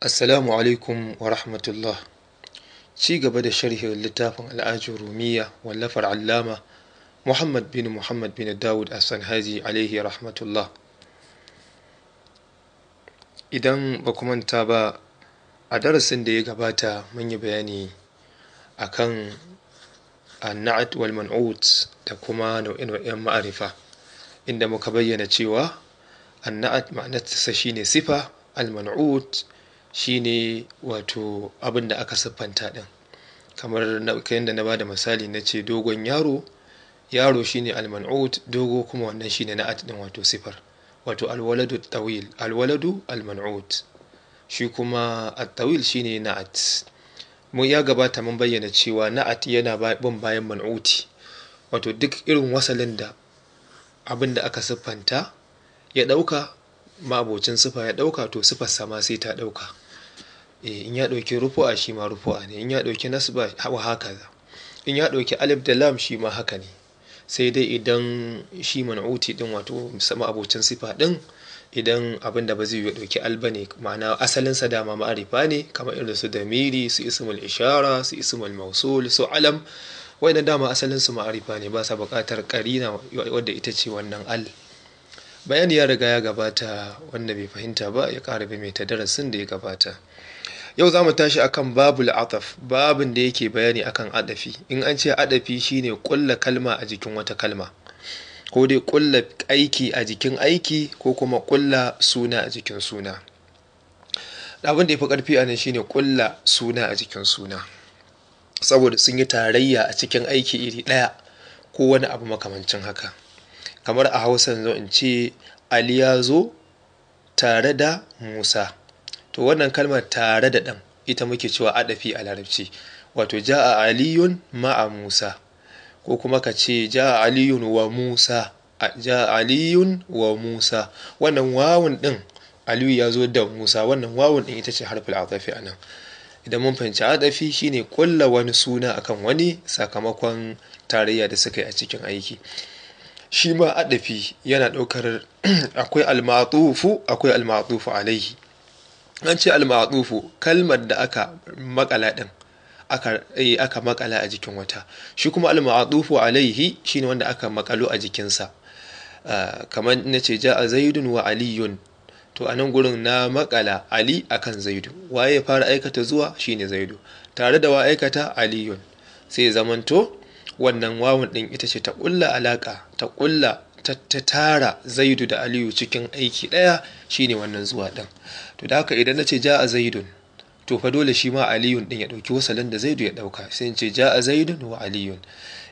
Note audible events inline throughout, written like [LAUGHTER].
Assalamu alaikum wa rahmatullah. Ci gaba da sharhin littafin al'ajin Rumiya wallafar Allama Muhammad bin Muhammad bin Dawud a Sanhaji alaihi rahmatullah. Idan ba ku manta ba a darasin da ya gabata manya bayani a kan na'at wal man'ut da kuma nau'in ma'arifa inda muka bayyana cewa ma'anar ma'anarsa shine sifa al man'ut shine wato abin da aka siffanta ɗin kamar yadda na bada misali na ce dogon yaro yaro shine alman'ut dogo kuma wannan shine na ɗin wato sifar wato alwaladu tawil alwaladu alman'ut shi kuma at-tawil shine na'at mu ya gabata mun bayyana cewa na'at yana bin bayan man'uti wato duk irin wasalin da abin da aka siffanta ya ɗauka ma'abocin sifa ya ɗauka to sifar sama sai ta ɗauka eh, in ya ɗauki rufu'a shi ma rufu'a ne in ya ɗauki nasba wa haka za in ya ɗauki alif da lam shi ma haka ne sai dai idan shi man'uti din wato sama abocin sifa ɗin, idan abin da ba zai ya ɗauki alba ne ma'ana asalin sa dama ma'arifa ne kamar irin su damiri su ismul ishara su ismul mausul su alam waɗanda dama asalin su ma'arifa ne ba sa buƙatar ƙarina wadda ita ce wannan al bayani ya riga ya gabata wanda bai fahimta ba ya kara mai ta darasin da ya gabata yau za mu tashi akan Babu ataf babin da yake bayani akan adafi in an ce adafi shine kulla kalma a jikin wata kalma ko dai kulla aiki a jikin aiki ko kuma kulla suna a jikin suna abin da ya fi ƙarfi a nan shine kulla suna a jikin suna saboda sun yi tarayya a cikin aiki iri ɗaya ko wani abu makamancin haka kamar a hausan yanzu in ce ali ya zo tare da musa to wannan kalmar tare da ɗan ita muke cewa adafi a larabci wato ja a aliyun ma'a musa ko kuma ka ce a aliyun wa musa aliyun wa musa wannan wawun ɗin aliyu ya zo da musa wannan wawun ɗin ita ce harfi al'adafi a nan idan mun fahimci adafi shine kulla wani suna akan wani sakamakon tarayya da suka yi a cikin aiki shi ma adafi yana ɗaukar [CLEARS THROAT] akwai almatufu akwai almatufu alaihi an ce almatufu kalmar da aka makala ɗin aka eh, makala a jikin wata shi kuma almatufu alaihi shine wanda aka makalo a jikinsa ah, kamar na ce a zaidun wa aliyun to a nan gurin na makala ali akan zaidu waye ya fara aikata zuwa shine zaidu tare da wa aikata aliyun sai zamanto wannan wawun ɗin ita ce ta ƙulla alaƙa ta ƙulla ta tara zaidu da aliyu cikin aiki ɗaya shine wannan zuwa ɗin to da haka idan na ce ja a zaidun to fa dole shi ma aliyun ɗin ya ɗauki wasalin da zaidu ya ɗauka sai ce ja a zaidun wa aliyun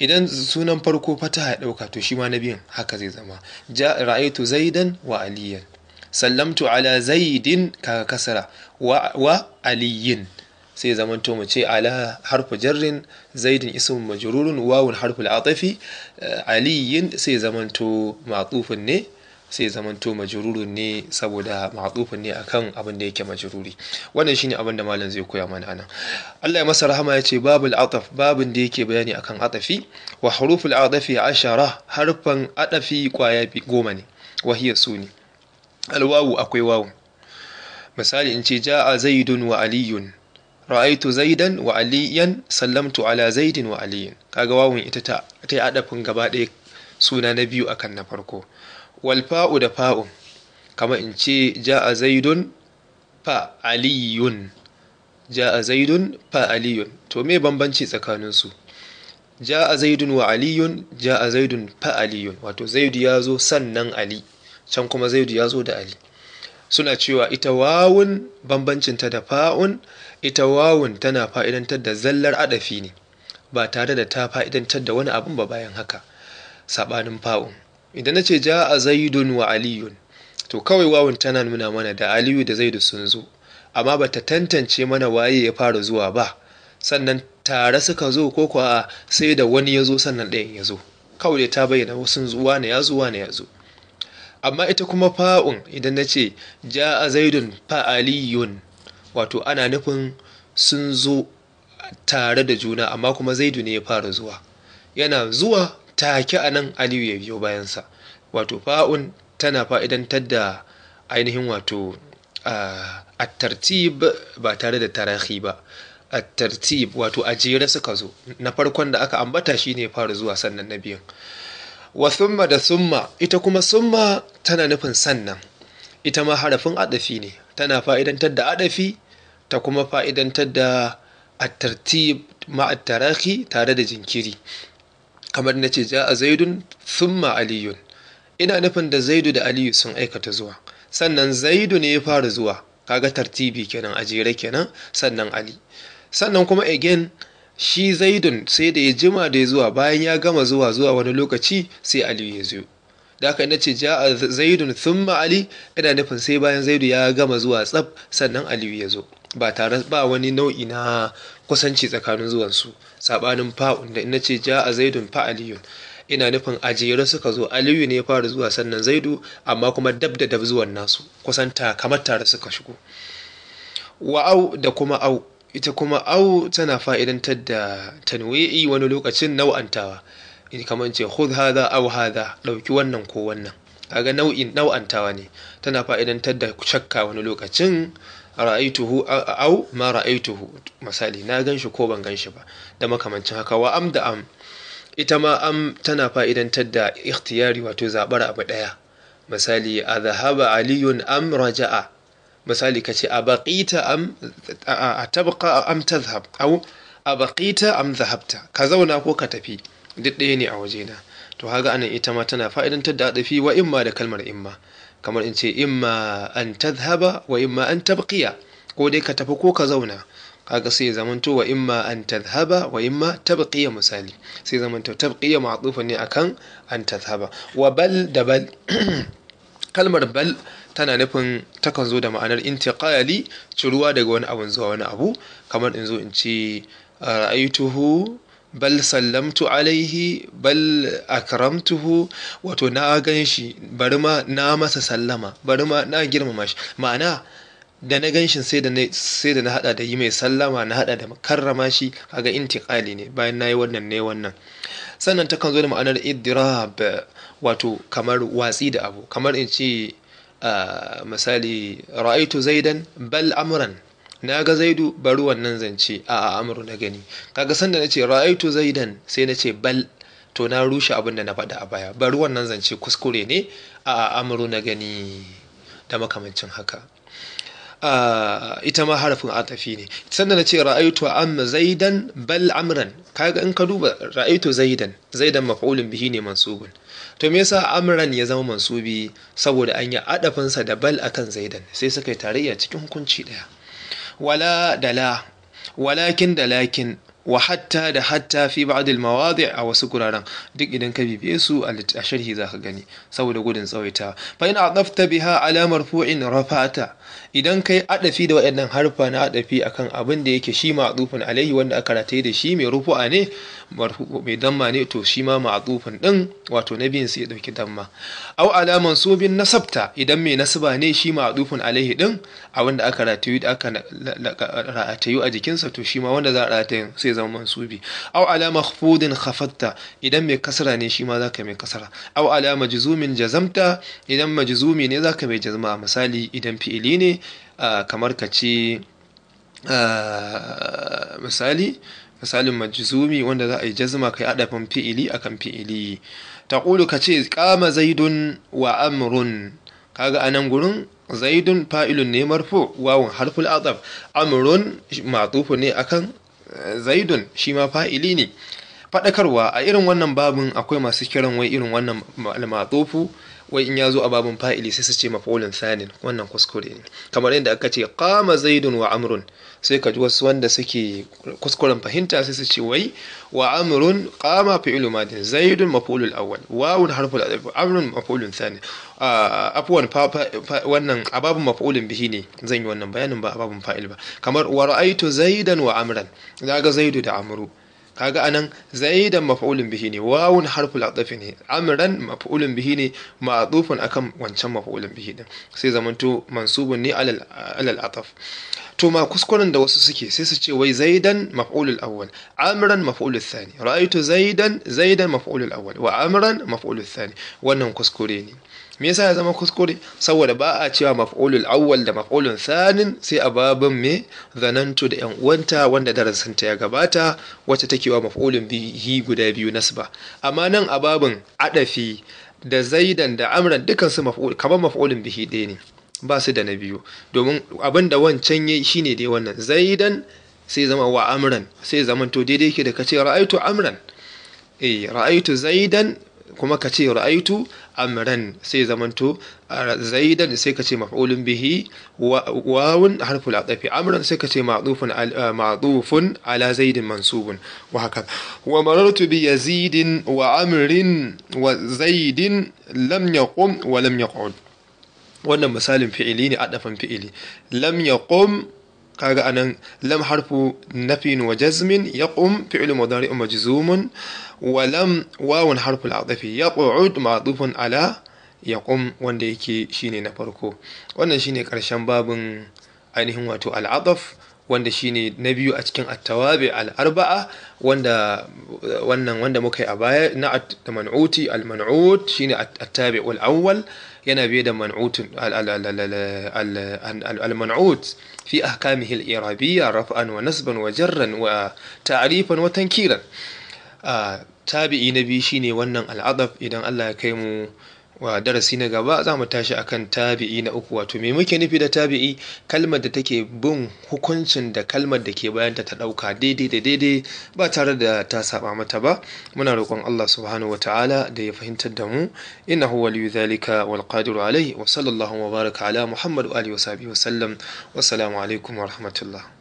idan sunan farko fataha ya ɗauka to shi ma na biyun haka zai zama ja ra'aitu zaidan wa Aliyun. sallamtu ala zaidin kaga kasara wa aliyin sai zamanto mu ce ala harfu jarrin zaidin ismun majrurun wawun harfu al'atafi eh, aliyin sai zamanto ma'tufun ne sai zamanto majrurun ne saboda ma'tufun ne akan abin da yake majruri wannan shine abin da malam zai koya mana anan Allah ya masa rahama ya ce babul ataf babin da yake bayani akan atafi wa huruful atafi ashara harfan atafi kwaya goma ne wahiyar su ne alwawu akwai wawu misali in ce ja'a zaidun wa aliyun ra'aitu zaidan wa aliyan sallamtu ala zaidin wa aliyin kaga wawun ita ta ta yi adafin gaba ɗaya suna na biyu akan na farko wal fa'u da fa'u kama in ce ja'a zaidun fa aliyun ja'a zaidun fa aliyun to me bambanci tsakanin su ja'a zaidun wa aliyun ja'a zaidun fa aliyun wato zaidu ya zo sannan ali can kuma zaidu ya zo da ali suna cewa ita wawun bambancinta da fa'un ita wawun tana fa'idantar da zallar adafi ne ba tare da ta fa'idantar da wani abin ba bayan haka saɓanin fa'un idan na ce ja a zaidun wa aliyun to kawai wawun tana nuna mana da aliyu da zaidu sun zo amma ba ta tantance mana waye ya fara zuwa ba sannan tare suka zo ko kuwa sai da wani ya zo sannan ɗayan ya zo kawai ta bayyana wasu zuwa ne ya zuwa ne ya zo amma ita kuma fa'un idan na ce ja a zaidun fa'aliyun wato ana nufin sun zo tare da juna amma kuma zaidu ne ya fara zuwa yana zuwa take a nan aliyu ya biyo bayansa wato fa'un tana fa'idantar da ainihin wato a tartib ba tare da tarahi ba a tartib wato a jere suka zo na farkon da aka ambata shi shine fara zuwa sannan na biyun. wa summa da summa ita kuma summa tana nufin sannan ita ma harafin adafi ne tana fa'idantar da adafi ta kuma fa'idantar da at ma’attaraki tare da jinkiri kamar na ce ja'a zaidun Summa aliyun ina nufin da zaidu da aliyu sun aikata zuwa sannan zaidu ne ya fara zuwa kaga tartibi kenan a jere kenan sannan ali sannan kuma again shi zaidun sai da ya jima da ya zuwa bayan ya gama zuwa zuwa wani lokaci sai ali ya zo da aka na ce ja zaidun sun ali ina nufin sai bayan zaidu ya gama zuwa tsab sannan aliyu ya zo ba tare ba wani nau'i na kusanci tsakanin zuwansu sabanin fa'un da ina ce ja a zaidun fa aliyun ina nufin ajiyar suka zo aliyu ne ya fara zuwa sannan zaidu amma kuma dab da dab zuwan nasu kusanta kamar tare suka shigo wa'au da kuma au ita kuma au tana fa'idantar da tanwi'i wani lokacin nau'antawa kamar ce hud hada, au hada, ɗauki wannan ko wannan kaga nau'in nau'antawa ne tana fa'idantar da shakka wani lokacin ra'aituhu au ma ra'aituhu misali na ganshi ko ban ganshi ba da makamancin haka wa am da am ita ma am tana fa'idantar da ikhtiyari wato zaɓar abu ɗaya, misali a zahaba aliyun am raja'a misali ce a baƙita a tabqa am zahab au a baƙita am zahabta ka zauna ko ka tafi duk ɗaya ne a wajena to haga anan ita ma tana fa'idantar da adafi wa imma da kalmar imma kamar in ce imma an zahaba wa imma an tabqiya ko dai ka tafi ko ka zauna kaga sai zamanto wa imma an zahaba wa imma tabqiya misali sai zamanto tabqiya ma'tufa ne akan an zahaba wa bal da bal [CLEARS THROAT] kalmar bal tana nufin takan zo da ma'anar intiqali ciruwa daga wani abu zuwa wani abu kamar in zo in ce ra'aytuhu bal sallamtu alaihi bal akramtuhu wato na gan shi bari ma na masa sallama bari ma na girmama shi ma'ana da na gan shi sai da na hada da yi mai sallama na hada da karrama shi kaga intiqali ne bayan nayi wannan ne wannan sannan takan zo da ma'anar idrab wato kamar watsi da abu kamar in ce Ah, misali ra'aitu zaidan bal amran na ga zaidu bari wannan zance a amuru na gani kaga sanda na ce ra'aitu zaidan sai na ce bal to na rushe abin da na faɗa a baya bari wannan zance kuskure ne a amuru na gani da makamancin haka ah, ita ma harafin atafi ne sannan na ce ra'aitu am zaidan bal amran kaga in ka duba ra'aitu zaidan zaidan maf'ulun bihi ne mansubun to me yasa amran ya zama mansubi saboda an yi adafinsa da bal akan zaidan sai suka yi tarayya cikin hukunci daya wala dala walakin dalakin wa hatta da hatta fi ba al-mawadi' a wasu guraren duk idan ka bibiye su a sharhi zaka gani saboda gudun tsawaita fa in adafta biha ala marfu'in rafata idan kai adafi da waɗannan harfa na adafi akan abin da yake shi ma'dufun alaihi wanda aka rataye da shi mai rufu'a ne mai damma ne to shi ma ma'dufun din wato na biyan sai ya dauki damma aw ala mansubin nasabta idan mai nasaba ne shi ma'dufun alaihi din a wanda aka da aka yi a jikinsa to shi ma wanda za a rataye sai zama mansubi aw ala makhfudin khafatta idan mai kasara ne shi ma zaka mai kasara aw ala majzumin jazamta idan majzumi ne zaka mai jazma misali idan fi'ili ne kamar ka ce misali misalin majzumi wanda za a yi jazma kai adafin fi'ili akan fi'ili taqulu ka ce qama zaidun wa amrun kaga anan gurin zaidun fa'ilun ne marfu wawun harful adab amrun ma'tufun ne akan zaidun shi ma fa'ili ne faɗakarwa a irin wannan babin akwai masu kiran wai irin wannan al wai in ya zo a babin fa'ili sai su ce mafaulin sanin wannan kuskure ne kamar yadda aka ce kama zaidun wa amrun sai ka ji wasu wanda suke kuskuren fahimta sai su ce wai wa amrun qama fi'lu madin zaidun maf'ulul awwal wawun harful adaf amrun maf'ulun sanin afwan wannan ababun maf'ulun bihi ne zan yi wannan bayanin ba ababun fa'il ba kamar wa ra'aitu zaidan wa amran zaga zaidu da amru kaga anan zaidan maf'ulun bihi ne wawun harful ataf ne amran maf'ulun bihi ne ma'tufun akan wancan maf'ulun bihi din sai zamanto mansubun ne alal alal ataf to ma kuskuren da wasu suke sai su ce wai zaidan maf'ulul awwal amran maf'ulul thani ra'aytu zaidan zaidan maf'ulul awwal wa amran maf'ulul thani wannan kuskure ne me yasa ya zama kuskure saboda ba a cewa maf'ulul awwal da maf'ulun thanin sai a babin me zanantu da yan uwanta wanda darasin ta ya gabata wacce take wa maf'ulun bihi guda biyu nasba amma nan a babin adafi da zaidan da amran dukan su maf'ul kamar maf'ulun bihi ɗaya ne ba su da na biyu domin abin da wancan yayi shine dai wannan zaidan sai zama wa amran sai zamanto daidai yake da kace ra'aytu amran eh ra'aitu zaidan kuma ka ce ra'aitu amran sai zamanto zaidan sai ka ce maf'ulun bihi wawun harful atafi amran sai ka ce ma'dufun ma'dufun ala zaidin mansubun wa haka wa marartu bi yazidin wa amrin wa zaidin lam yaqum wa lam yaq'ud wannan misalin fi'ili ne adafan fi'ili lam yaqum kaga anan lam harfu nafin wa jazmin yaqum fi'lu mudari'un majzumun wa lam wawun harfu al'adafi yaq'ud ma'tufun ala ƙum wanda yake shine na farko wannan shine karshen babin ainihin wato al'adaf wanda shine na biyu a cikin attawabi al-arba'a wanda wannan wanda muka yi a baya na al-man'uti al-man'ut shine attabi al-awwal yana biye da man'ut al-man'ut fi ahkamihi al-irabiyya raf'an wa nasban wa jarran wa ta'rifan wa tankiran tabi'i na biyu shine wannan al-adab idan Allah ya kai mu wa darasi na gaba za mu tashi kan tabi'i na uku wato me muke nufi da tabi'i kalmar da take bin hukuncin da kalmar da ke bayanta ta ɗauka daidai da daidai ba tare da ta saba mata ba muna roƙon Allah subhanahu ta'ala da ya fahimtar da mu huwa waliyu zalika wal qadiru alai wa sallallahu wa baraka ala muhammad wa alihi wa sahbihi wa sallam assalamu alaikum wa rahmatullah